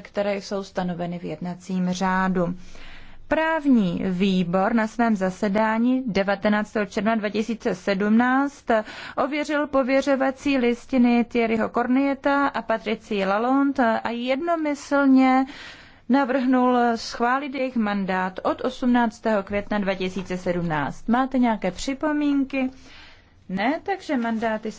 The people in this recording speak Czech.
které jsou stanoveny v jednacím řádu. Právní výbor na svém zasedání 19. června 2017 ověřil pověřovací listiny Thierryho Kornieta a Patricii Lalonde a jednomyslně navrhnul schválit jejich mandát od 18. května 2017. Máte nějaké připomínky? Ne, takže mandáty